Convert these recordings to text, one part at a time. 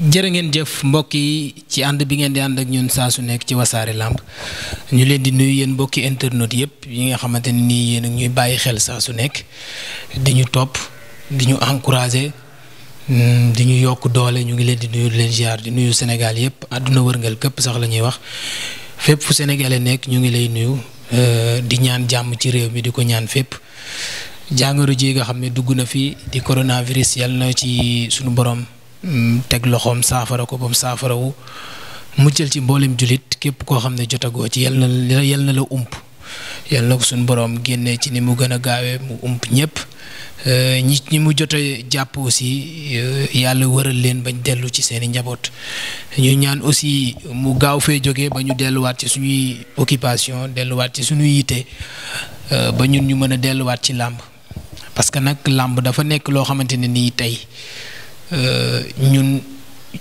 jërë ngeen jëf mbokk yi ci ànd bi ngeen di ànd ak ñun saa su nekk ci wasaare làmp ñu leen di nuyu yéen mbokki internet yëpp ñu nga xamante ne nii yéen a ñuy bàyyi xel saa su nekk di ñu topp di ñu encourager mm, di ñu yokk doole ñu ngi leen di nuyu di leen ziar di nuyu Sénégal yëpp àdduna wërngal këpp sax la ñuy wax fépp fu sénégalais nekk ñu ngi lay nuyu euh, di ñaan jàmm ci réew mi di ko ñaan fépp. jàngoro ji nga xam ne dugg na fi di coronavirus yal na ci suñu borom. Mm, teg loxoom saafara ko ba mu saafarawu mu jël ci mboolem jullit képp koo xam ne jotagoo ci yal na la na la ump yal na ko suñu boroom génnee ci ni mu gën a gaawee mu ump ñëpp euh, ñi ñi mu jot a jàpp aussi euh, yàlla wëral leen bañ dellu ci seeni njaboot ñu ñaan aussi mu gaaw fee jóge ba ñu delluwaat ci suñuy occupation delluwaat ci suñuy yitte euh, ba ñun ñu mën a delluwaat ci làmb parce que nag làmb dafa nekk loo xamante ne nii tey. Euh, ñun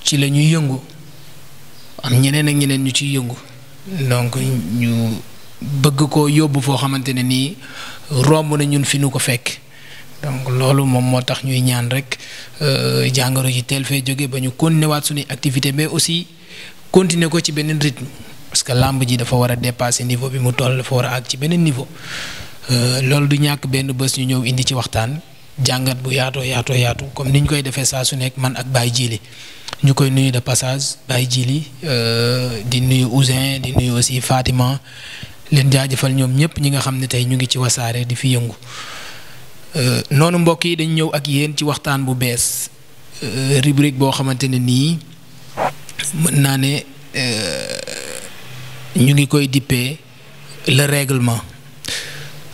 ci la ñuy yëngu am ñeneen ak ñeneen ñu ciy yëngu donc ñu bëgg ko yóbbu foo xamante ne nii romb na ñun fi nu ko fekk donc loolu moom moo tax ñuy ñaan rek euh, jàngoro ji teel fay jóge ba ñu continuer waat suñuy activité mais aussi continuer ko ci benn rythme parce que làmb ji dafa war a dépasser niveau bi mu toll dafa war a àgg ci beneen niveau euh, loolu du ñàkk benn bés ñu ñëw indi ci waxtaan. jàngat bu yaatoo yaato yaatu comme ni ñu koy defee saa su nekk man ak baay Djili ñu koy nuyu de passage Baye Djili euh, di nuyu Ousin di nuyu aussi faatiment leen jaajëfal ñoom ñëpp ñi nga xam ne tey ñu ngi ci wasaare di fi yëngu euh, noonu mbokk yi dañ ñëw ak yéen ci waxtaan bu bees euh, rubrique boo xamante ne nii mën naa ne ñu ngi koy dippee le réglement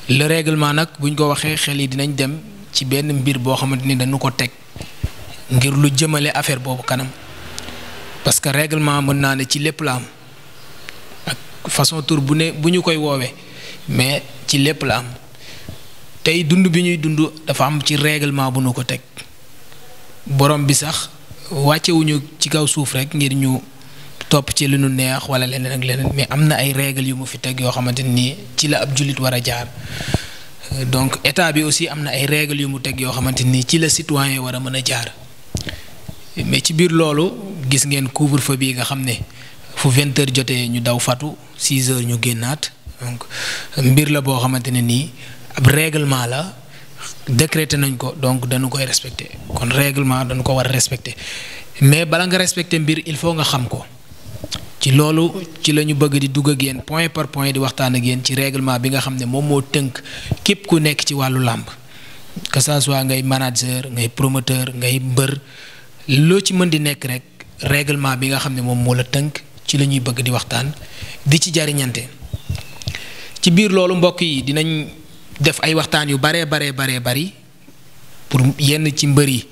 le réglement nag buñ ko waxee xel yi dinañ dem. ci benn mbir boo xamante ni dañu ko teg ngir lu jëmale affaire boobu kanam parce que règlement mën naa ne ci lépp la am ak façon tur bu ne bu ñu koy woowee mais ci lépp la am tey dund bi ñuy dund dafa am ci règlement bu nu ko teg borom bi sax wàccewuñu ci kaw suuf rek ngir ñu topp ci lu nu neex wala leneen ak leneen mais am na ay règles yu mu fi teg yoo xamante nii ci la ab jullit war a jaar donc état bi aussi am na ay règles yu mu teg yoo xamante nii ci la citoyen war a mën a jaar mais ci biir loolu gis ngeen couvre-feu bi nga xam ne fu vingt jotee ñu daw fatu six heures ñu génnaat donc mbir la boo xamante ne nii ab réglement la décrété nañ ko donc danu koy respecté kon réglement dañu ko war a respecté mais bala nga respecté mbir il faut nga xam ko. ci loolu ci la ñu bëgg di dugg a génn point par point di waxtaan a yéen ci réglement bi nga xam ne moom moo tënk képp ku nekk ci wàllu làmb que ça soit ngay manager ngay promoteur ngay mbër loo ci mën di nekk rek réglement bi nga xam ne moom moo la tënk ci la ñuy bëgg di waxtaan di ci jariñante ci biir loolu mbokk yi dinañ def ay waxtaan yu baree baree baree bari pour yenn ci mbër yi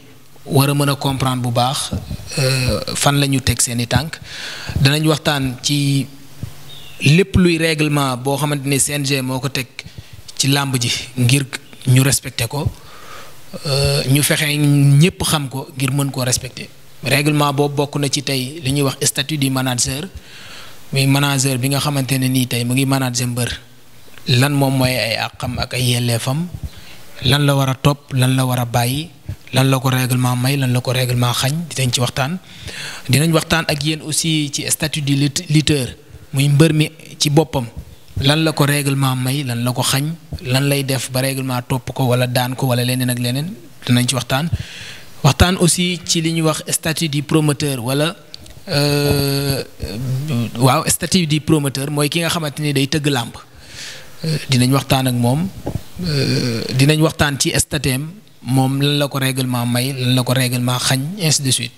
war mën a comprendre bu baax euh, fan la ñu teg seen i tànk danañu waxtaan ci lépp luy réglement boo xamante ni CNG moo ko teg ci làmb ji ngir ñu respecté ko euh, ñu fexe ñépp xam ko ngir mën koo respecté réglement boobu bokk na ci tey li ñuy wax statut du manager muy manager bi nga xamante ne nii tey mu ngi manager mbër lan moom mooy ay àqam ak ay yelleefam lan la war a topp lan la war a bàyyi lan la ko réglement may lan la ko réglement xañ dinañ ci waxtaan dinañ waxtaan ak yéen aussi ci statut du lutteur muy mbër mi ci boppam lan la ko réglement may lan la ko xañ lan lay def ba réglement topp ko wala daan ko wala leneen ak leneen dinañ ci waxtaan waxtaan aussi ci li ñuy wax statut du promoteur wala euh, waaw statut di promoteur mooy ki nga xamante ni day tëgg làmb euh, dinañ waxtaan ak moom Euh, dinañ waxtaan ci statem moom lan la ko réglement may lan la ko réglement xañ ainsi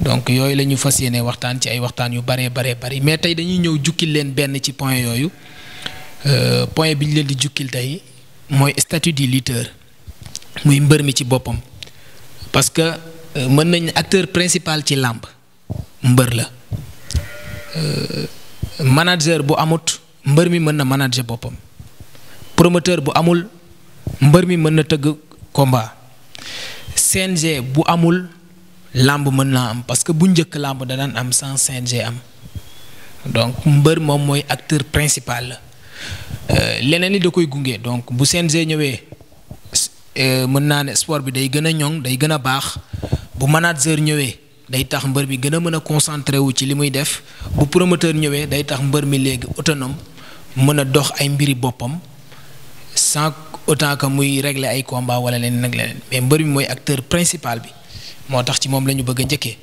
donc yooyu la ñu fas yéene waxtaan ci ay waxtaan yu baree baree bari mais tey dañuy ñëw jukkil leen benn ci point yooyu euh, point bi ñu leen di jukkil tey mooy statut du lutteur muy mbër mi ci boppam parce que euh, mën nañ acteur principal ci làmb mbër la manager bu amut mbër mi mën na manager boppam promoteur bu amul mbër mi mën na tëgg combat CNG bu amul làmb mën naa am parce que bu njëkk làmb da daan am sans CNG am donc mbër moom mooy acteur principal la euh, leneen li da koy gunge donc bu CNG ñëwee euh, mën naa ne sport bi day gën a ñoŋ day gën a baax bu geur ñëwee day tax mbër mi gën a mën a concentré wu ci li muy def bu promoteur ñëwee day tax mbër mi léegi autonom mën a dox ay mbiri boppam sans autant que muy régler ay combat wala leen nag leneen mais mbër mi mooy acteur principal bi moo tax ci moom la ñu bëgg a njëkkee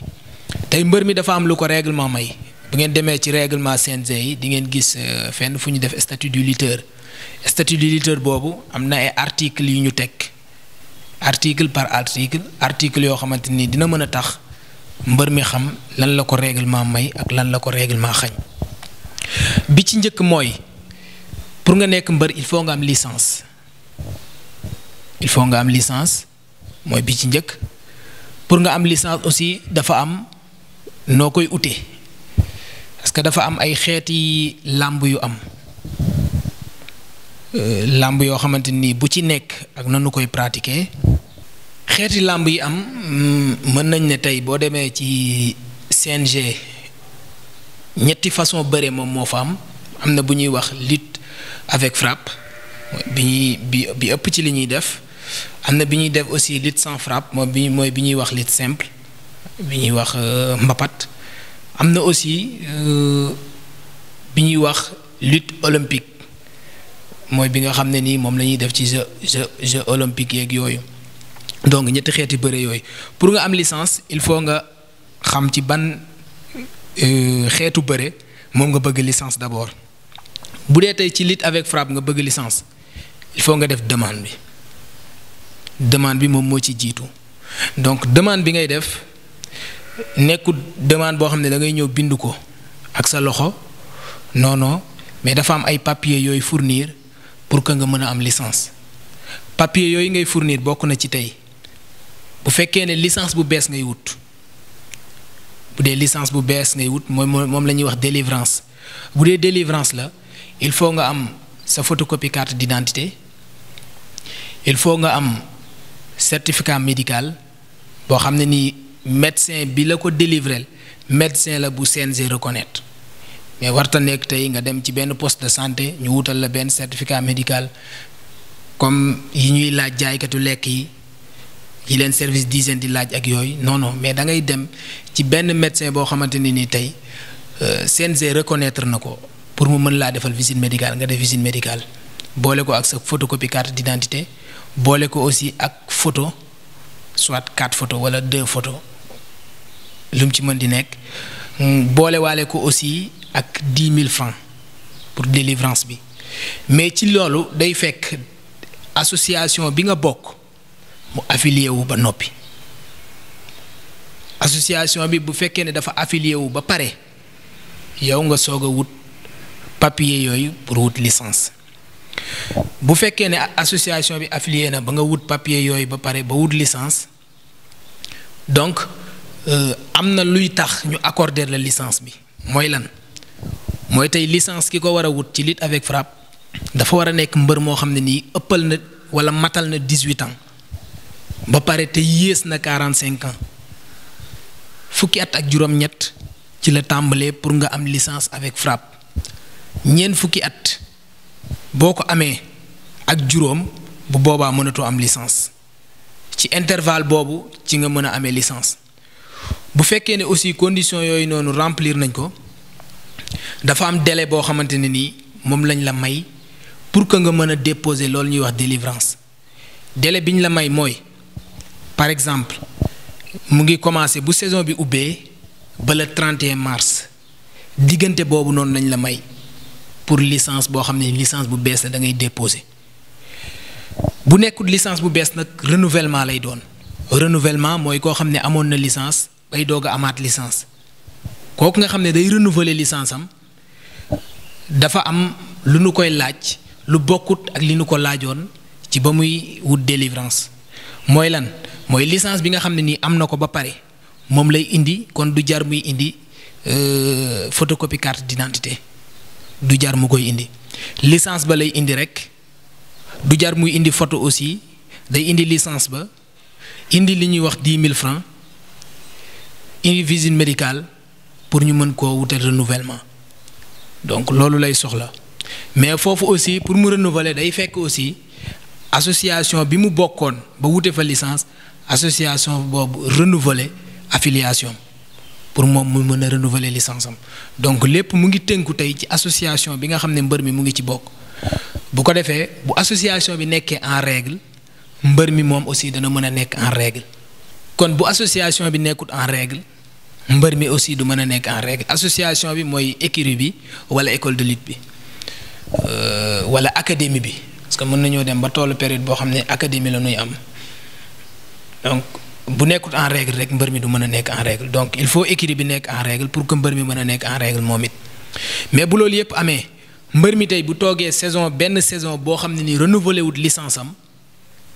tey mbër mi dafa am lu ko réglement may bu ngeen demee ci réglement CNG yi di ngeen gis euh, fenn fu ñu def statut du lutteur statut du lutteur boobu am na ay articles yu ñu teg article par article article yoo xamante nii dina mën a tax mbër mi xam lan la ko réglement may ak lan la ko réglement xañ bi ci njëkk mooy. pour nga nekk mbër il faut nga am licence il faut nga am lisance mooy bi ci njëkk pour nga am licence aussi dafa am noo koy ute parce que dafa am ay xeeti làmb yu am euh, làmb yoo xamante nii bu ci nekk ak nanu koy pratiquer xeeti làmb yi am mm, mën nañ ne tey boo demee ci CNG ñetti façon bëre moom moo fa am am na bu ñuy wax avec frappe bi ñuy bi ëpp ci li ñuy def am na bi ñuy def aussi lutte sans frappe mooy bi mooy bi ñuy wax lutte simple bi ñuy wax euh, mbapat am na aussi euh, bi ñuy wax lutte olympique mooy bi nga xam ne nii moom lañuy def ci jeu jeu olympique yeeg yooyu donc ñetti xeeti bëre yooyu pour nga am licence il faut nga xam ci ban euh, xeetu bëre moom nga bëgg licence d'abord bu dee tey ci lutte avec frappe nga bëgg licence il faut nga def demande bi demande bi moom moo ci jiitu donc demande bi ngay def nekkul demande boo xam ne da ngay ñëw bind ko ak sa loxo non mais dafa am ay papier yooyu fournir pour que nga mën a am licence papier yooyu ngay fournir bokk na ci tey bu fekkee ne licence bu bees ngay wut bu dee licence bu bees ngay wut moom moom la ñuy wax délivrance bu dee délivrance la. il faut nga am sa photocopie carte d'identité il faut nga am certificat médical boo xam ne nii médecin bi la ko délivrel médecin la bu CNG reconnaître mais warta nekk tey nga dem ci benn post de santé ñu wutal la benn certificat médical comme yi ñuy laaj jaaykatu lekk yi yi leen service di d'hygiène di laaj ak yooyu non mais da ngay dem ci benn médecin boo xamante ne ni tey euh, CNG reconnaître na ko pour mu mën laa defal visite médical nga def visite médicale boole ko ak sa photocopie carte d'identité boole ko aussi ak photo soit quatre photo wala deux photo lum ci mën di nekk boole waale ko aussi ak dix mille francs pour délivrance bi mais ci loolu day fekk association bi nga bokk mu affilié wu ba noppi association bi bu fekkee ne dafa affilié wu ba pare yow nga soog wut papier yooyu pour wut licence bu fekkee ne association bi affilié na ba nga wut papier yooyu ba pare ba wut licence donc euh, am na luy tax ñu accorder la licence bi mooy lan mooy tey licence ki ko war a wut ci lutte avec frappe dafa war a nekk mbër moo xam ne nii ëppal na wala matal na dix-huit ans ba pare te yées na quarante-cinq ans fukki at ak juróom-ñett ci la tàmbalee pour nga am licence avec frappe ñeent fukki at boo ko amee ak juróom bu boobaa mënatoo am licence ci intervalle boobu ci nga mën a amee licence bu fekkee ne aussi condition yooyu noonu remplir nañ ko dafa am délai boo xamante ne nii moom lañ la may pour que nga mën a déposer loolu ñuy wax délivrance délai bi ñu la may mooy par exemple mu ngi commencé bu saison bi ubbee ba le 31 mars diggante boobu noonu lañ la may pour licence boo xam ne licence bu bees la da ngay déposé bu nekkul licence bu bees nag renouvellement lay doon renouvellement mooy koo xam ne amoon na licence bay doog amaat licence kooku nga xam ne day renouveler licence am dafa am lu nu koy laaj lu bokkut ak li nu ko laajoon ci ba muy wut délivrance mooy lan mooy licence bi nga xam ne nii am na ko ba pare moom lay indi kon du jar muy indi euh, photocopie carte d'identité du jar mu koy indi licence ba lay indi rek du jar muy indi photo aussi day indi licence ba indi li ñuy wax dix mille francs indi visite médicale pour ñu mën koo wutal renouvellement donc loolu lay soxla mais foofu aussi pour mu renouveler day fekk aussi association bi mu bokkoon ba wute fa licence association boobu renouveler affiliation pour moom mu mën a renouveler licence am donc lépp mu ngi tënku tey ci association bi nga xam ne mbër mi mu ngi ci bokk bu ko defee bu association bi nekkee en règle mbër mi moom aussi dana mën a nekk en règle kon bu association bi nekkut en règle mbër mi aussi du mën a nekk en règle association bi mooy écurie bi wala école de lutte bi euh, wala académie bi parce que mën nañoo dem ba tollu période boo xam ne académie la ñuy am donc. bu nekkul en règle rek mbër mi du mën a nekk en règle donc il faut écurie bi nekk en règle pour que mbër mi mën a nekk en règle moom it mais bu loolu yëpp amee mbër mi tey bu toogee saison benn saison boo xam ne ni renouvelé wut licence am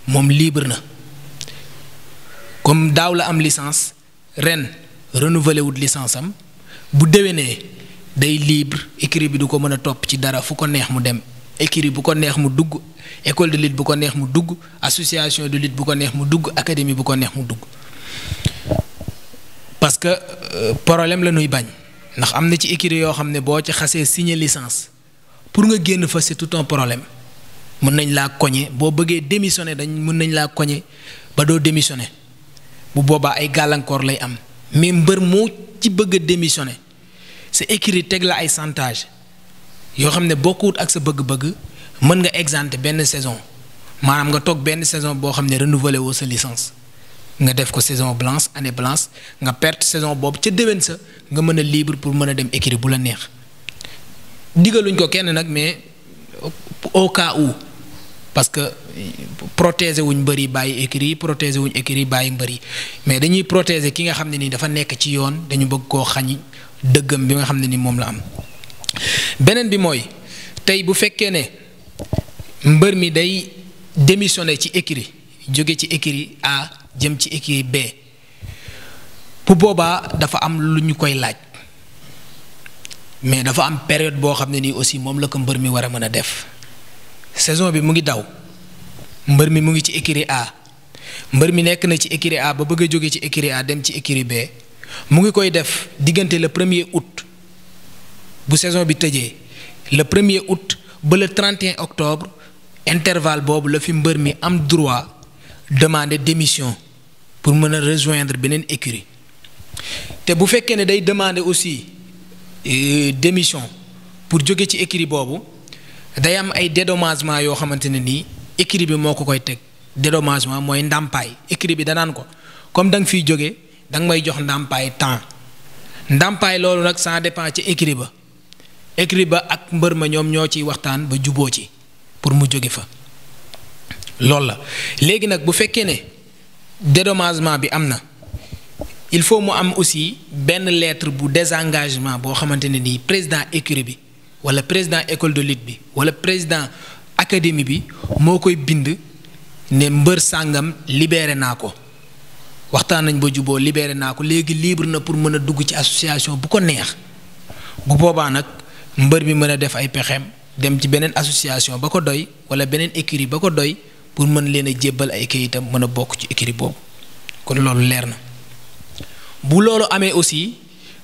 moom libre na comme daaw la am licence ren renouvelé wut licence am bu déwénee day libre écurie bi du ko mën a topp ci dara fu ko neex mu dem écurie bu ko neex mu dugg école de lutte bu ko neex mu dugg association de lutte bu ko neex mu dugg académie bu ko neex mu dugg parce que euh, problème la ñuy bañ ndax am na ci écurie yoo xam ne boo ci xasee signé licence pour nga génn fa c'est tout un problème mën nañ laa koñe boo bëggee démissionner dañ mën nañ laa koñe ba doo démissionner bu boobaa ay gàllankoor lay am mais mbër moo ci bëgg a démissionner sa écurie teg la ay chantage yoo xam ne bokkuwut ak sa bëgg-bëgg mën nga exempter benn saison maanaam nga toog benn saison boo xam ne renouveler woo sa licence nga def ko saison blanche année blanche nga perte saison boobu ca déwén sa nga mën a libre pour mën a dem écurie bu la neex digaluñ ko kenn nag mais au cas où parce que protéger wuñ bëri bàyyi écurie protéger wuñ écurie bàyyi mbëri mais dañuy protéger ki nga xam ne ni dafa nekk ci yoon dañu bëgg koo xañ dëggam bi nga xam ne ni moom la am. beneen bi mooy tey bu fekkee ne mbër mi day démissionné ci écurie jóge ci écurie A jëm ci écurie B bu boobaa dafa am lu ñu koy laaj mais dafa am période boo xam ne nii aussi moom la ko mbër mi war a mën a def saison bi mu ngi daw mbër mi mu ngi ci écurie A mbër mi nekk na ci écurie A ba bëgg a jóge ci écurie A dem ci écurie B mu ngi koy def diggante le premier août. bu saison bi tëjee le premier août ba le 31 octobre intervalle boobu la fi mbër mi am droit demander démission pour mën a rejoindre beneen écurie te bu fekkee ne day demander aussi euh, démission pour jóge ci écurie boobu day am ay dédommagement yoo xamante ne nii écurie bi moo ko koy teg dédommagement mooy ndàmpaay écurie bi danaan ko comme da nga fiy jóge da nga may jox ndàmpaay temps ndàmpaay loolu nag ça dépend ci écurie ba. écrit ba ak mbër ma ñoom ñoo ciy waxtaan ba juboo ci pour mu jóge fa loolu la léegi nag bu fekkee ne dédommagement bi am na il faut mu am aussi benn lettre bu désengagement boo xamante ne nii président écurie bi wala président école de lutte bi wala président académie bi moo koy bind ne mbër sàngam libéré naa ko waxtaan nañ ba juboo libéré naa ko léegi libre na pour mën a dugg ci association bu ko neex bu boobaa nag mbër mi mën a def ay pexem dem ci beneen association ba ko doy wala beneen écurie ba ko doy pour mën leen a jébbal ay kayitam mën a bokk ci écurie boobu kon loolu leer na bu loolu amee aussi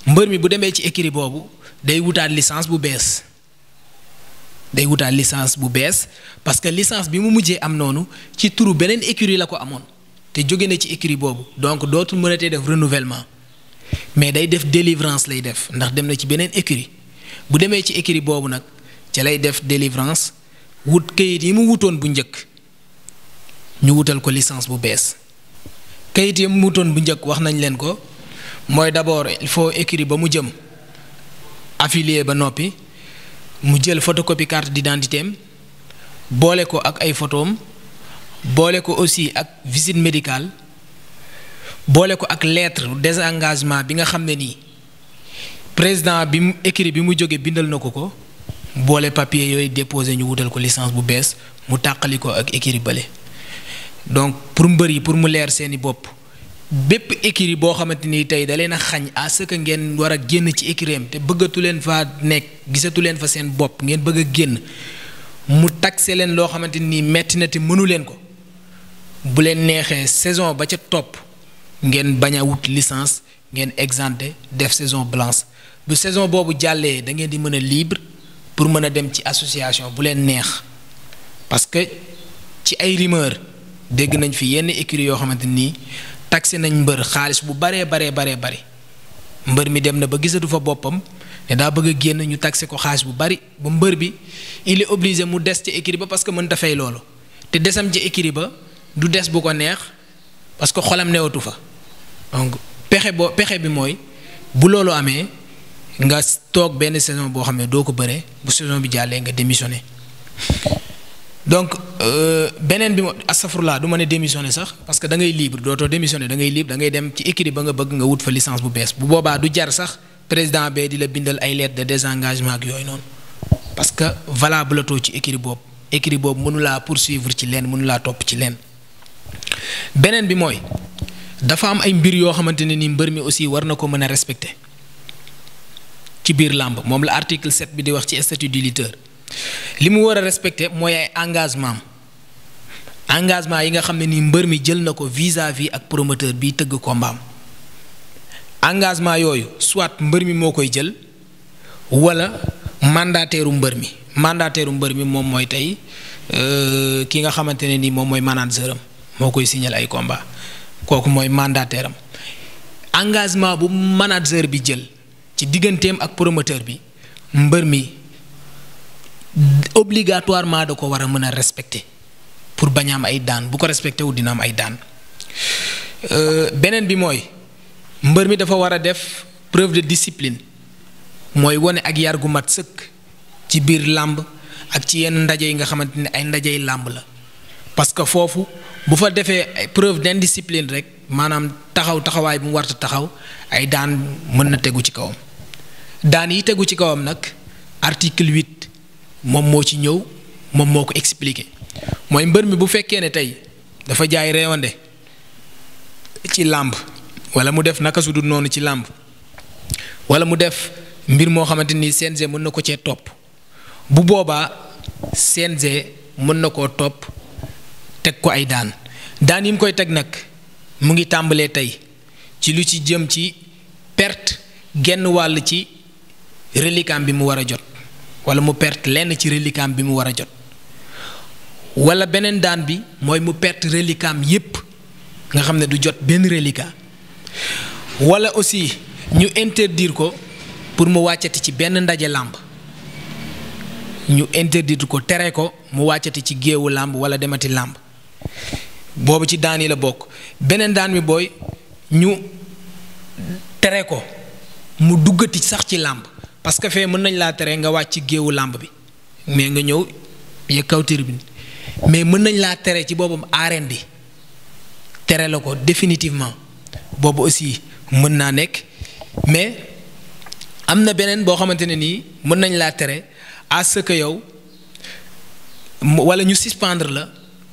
mbër mi bu demee ci écurie boobu day wutaat licence bu bees day wutaat licence bu bees parce que licence bi mu mujjee am noonu ci turu beneen écurie la ko amoon te jóge na ci écurie boobu donc dootul mënatee def renouvellement mais day def délivrance lay def ndax dem na ci beneen écurie bu demee ci écrit boobu nag ca lay def délivrance wut kayit yi mu wutoon bu njëkk ñu wutal ko licence bu bees kayit yi mu wutoon bu njëkk wax nañ leen ko mooy d'abord il faut écrit ba mu jëm affilié ba noppi mu jël photocopie carte d'identité am boole ko ak ay photoom boole ko aussi ak visite médical boole ko ak lettre désengagement bi nga xam ne nii président bi mu écrit bi mu jógee bindal na ko ko boole papier yooyu déposé ñu wutal ko licence bu bees mu tàqali ko ak écrit bële donc pour mbër yi pour mu leer seeni bopp bépp écrit boo xamante ni tey da leen a xañ à ce que ngeen war a génn ci écritam te bëggatu leen fa nekk gisatu leen fa seen bopp ngeen bëgg a génn mu taxe leen loo xamante ni metti na te mënu leen ko bu leen neexee saison ba ca topp ngeen bañ a wut licence ngeen exempté def saison blanche bu saison boobu jàllee dangeen di mën a libre pour mën a dem ci association bu leen neex parce que ci ay rumeur dégg nañ fi yenn écurie yoo xamante nii taxé nañ mbër xaalis bu baree baree baree bari mbër mi dem na ba gisatu fa boppam ne daa bëgg a génn ñu taxé ko xaalis bu bari ba mbër bi il est obligé mu des ci écurie ba parce que mën ta fay loolu te desam ci écurie ba du des bu ko neex parce que xolam newatu fa donc pexe boo pexe bi mooy bu loolu amee. nga toog benn saison boo xam ne doo ko bëree bu saison bi jàllee nga démissionné donc euh, beneen bi ma astafurlaa du ma ne démissionné sax parce que da libre dootoo démissionné da ngay libre da ngay dem ci ba nga bëgg nga wut fa bu bees bu boobaa du jar sax président bee di la bindal ay lettre de désengagement yooyu noonu parce que valable ci écurie boobu écurie boobu mënu laa poursuivre ci leen mënu laa topp ci leen beneen bi mooy dafa am ay mbir yoo xamante ne ni mbër mi aussi war na ko mën a respecté. ci biir làmb moom la article 7 bi di wax ci statut du lutteur li mu war a respecté mooy ay engagement engagement yi nga xam ne nii mbër mi jël na ko vis-à-vis ak promoteur bi tëgg kombaam engagement yooyu soit mbër mi moo koy jël wala mandataire mbër mi mandataire u mbër mi moom mooy tey euh, ki nga xamante ne nii moom mooy manager am moo koy signal ay combat kooku mooy mandataire am engagement bu manager bi jël ci digganteem ak promoteur bi mbër mi obligatoirement da ko war a mën a respecter pour bañ am ay daan bu ko respecté wu dina am ay daan euh, beneen bi mooy mbër mi dafa war a def preuve de discipline mooy wone ak yar gu mat sëkk ci biir làmb ak ci yenn ndaje yi nga xamante ni ay ndajey làmb la parce que foofu bu fa defee preuve d'indiscipline rek maanaam taxaw taxawaay bu mu warta taxaw ay daan mën na tegu ci kawam. daan yi tegu ci kawam nag article huit moom moo ci ñëw moom moo ko expliqué mooy mbër mi bu fekkee ne tey dafa jaay reewande ci làmb wala mu def naka su noonu ci làmb wala mu def mbir moo xamante ni CNG mën na ko cee topp bu boobaa CNG mën na koo topp teg ko ay daan daan yi koy teg nag mu ngi tàmbalee tey ci lu ci jëm ci perte genn wàll ci. reliquam bi mu war a jot wala mu perte lenn ci reliquam bi mu war a jot wala beneen daan bi mooy mu perte reliquam yépp nga xam ne du jot benn reliquat wala aussi ñu interdire ko pour mu wàccati ci benn ndaje làmb ñu interdire ko tere ko mu wàccati ci géewu làmb wala demati làmb boobu ci daan yi la bokk beneen daan bi booy ñu tere ko mu duggati sax ci làmb parce que fee mën nañ laa tere nga wàcc géewu làmb bi mais nga ñëw yëg kaw tribune mais mën nañ laa tere ci boobam arène bi tere la ko définitivement boobu aussi mën naa nekk mais am na beneen boo xamante ne nii mën nañ laa tere à ce que yow wala ñu suspendre la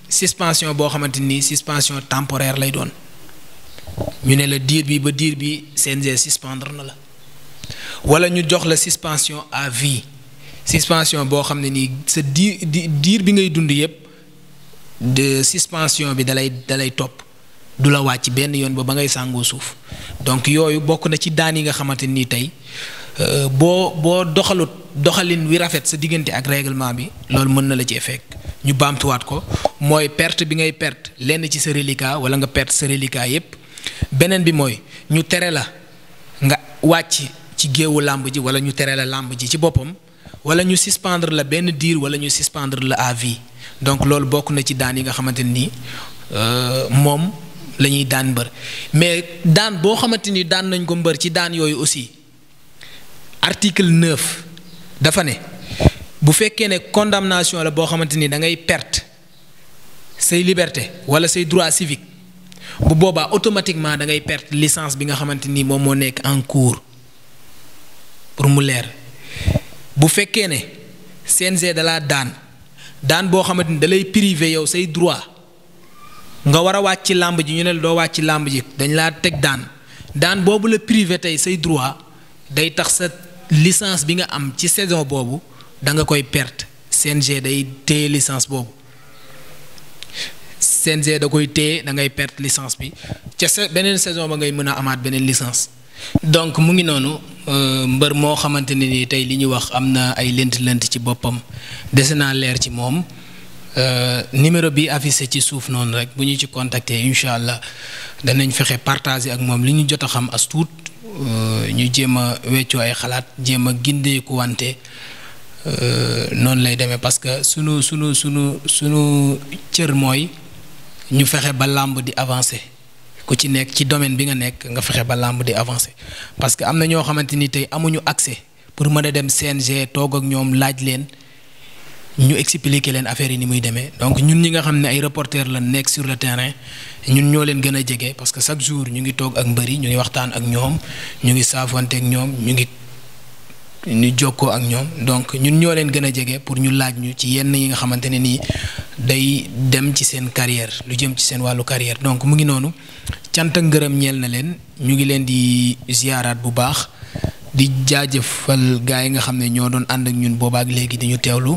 suspension boo xamante nii suspension temporaire lay doon ñu ne la diir bi ba diir bi CNG suspendre na la wala ñu jox la suspension à vie suspension boo xam ne nii sa diir diir bi ngay dund yépp de suspension bi dalay dalay topp du la wàcc benn yoon ba ba ngay sàngoo suuf donc yooyu bokk na ci daan yi nga xamante nii tey euh, boo boo doxalut doxalin wi rafet sa diggante ak réglement bi loolu mën na la ci fekk ñu baamtuwaat ko mooy perte bi ngay perte lenn ci sa reliquat wala nga perte sa reliquat yépp beneen bi mooy ñu tere la nga wàcc ci géewu làmb ji wala ñu tere la làmb ji ci boppam wala ñu suspendre la benn diir wala ñu suspendre la à vie donc loolu bokk na ci daan yi nga xamante ni euh, moom la ñuy daan mais daan boo xamante ni daan nañ ko mbër ci daan yooyu aussi article 9 dafa ne bu fekkee ne condamnation la boo xamante ni da ngay perte say liberté wala say droit civique bu boobaa automatiquement da ngay perte licence bi nga xamante ni moom moo nekk en cours pour mu leer bu fekkee ne CNG dalaa daan daan boo xamante ni dalay privé yow say droit nga war a wàcc ci làmb ji ñu ne doo wàcc ci làmb ji dañ laa teg daan daan boobu la privé tey say droit day tax sa licence bi nga am ci saison boobu da nga koy perte CNG day téye licence boobu CNG da koy téye da ngay perte licence bi ca sa beneen saison ba ngay mën a amaat beneen licence donc mu ngi noonu. Euh, mbër moo xamante ne ni tey li ñu wax am na ay lënt-lënt ci boppam dese naa leer ci moom euh, numéro bi affiché ci suuf noonu rek bu ñu ci contacter incha allah danañ fexe partager ak moom li ñu jot a xam as tuut euh, ñu jéem a weccoo ay xalaat jéem a gindeeku wante noonu lay demee parce que sunu sunu sunu sunu cër mooy ñu fexe ba làmb di avancer. ku ci nekk ci domaine bi nga nekk nga fexe ba làmb di avancer parce que am na ñoo xamante ni tey amuñu accès pour mën a dem CNG toog ak ñoom laaj leen ñu expliquer leen affaire yi ni muy demee donc ñun ñi nga xam ne ay reporter la nekk sur le terrain ñun ñoo leen gën a jege parce que chaque jour ñu ngi toog ak mbëri ñu ngi waxtaan ak ñoom ñu ngi saafonte ak ñoom ñu ngi. ñu jokkoo ak ñoom donc ñun ñoo leen gën a jege pour ñu laaj ñu ci yenn yi nga xamante ne nii day dem ci seen carrière lu jëm ci seen wàllu carrière donc mu ngi noonu cant ngërëm ñel na leen ñu ngi leen di ziyaaraat bu baax di jaajëfal gaa yi nga xam ne ñoo doon ànd ak ñun boobaak léegi dañu teewlu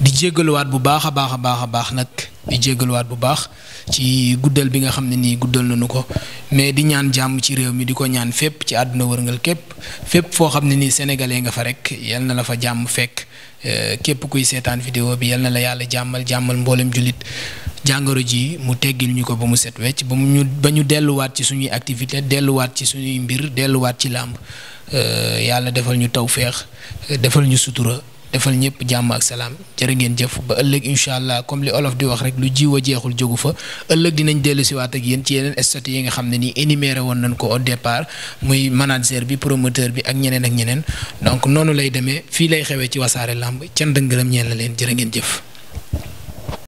di jéggaluwaat bu baax a baax a baax a baax nag di jéggaluwaat bu baax ci guddal bi nga xam ne nii guddal nañu ko mais di ñaan jàmm ci réew mi di ko ñaan fépp ci àdduna wërngal képp fépp foo xam ne nii sénégalais nga fa rek yal na la fa jàmm fekk euh, képp kuy seetaan vidéo bi yal na la yàlla jàmmal jàmmal mboolem jullit jàngoro ji mu teggil ñu ko ba mu set wecc ba mu ñu ba ñu delluwaat ci suñuy activité delluwaat ci suñuy mbir delluwaat ci làmb euh, yàlla defal ñu tawféex defal ñu sutura defal ñëpp jàmm ak salaam jërë ngeen jëf ba ëllëg incha allah comme li olof di wax rek lu jiw a jeexul jógu fa ëllëg dinañ dellu siwaat ak yéen ci yeneen statut yi nga xam ne nii énuméré woon nañ ko au départ muy manager bi promoteur bi ak ñeneen ak ñeneen donc noonu lay demee fii lay xewee ci wasaare làmb can dëngëlam ñeen la leen jërë ngeen jëf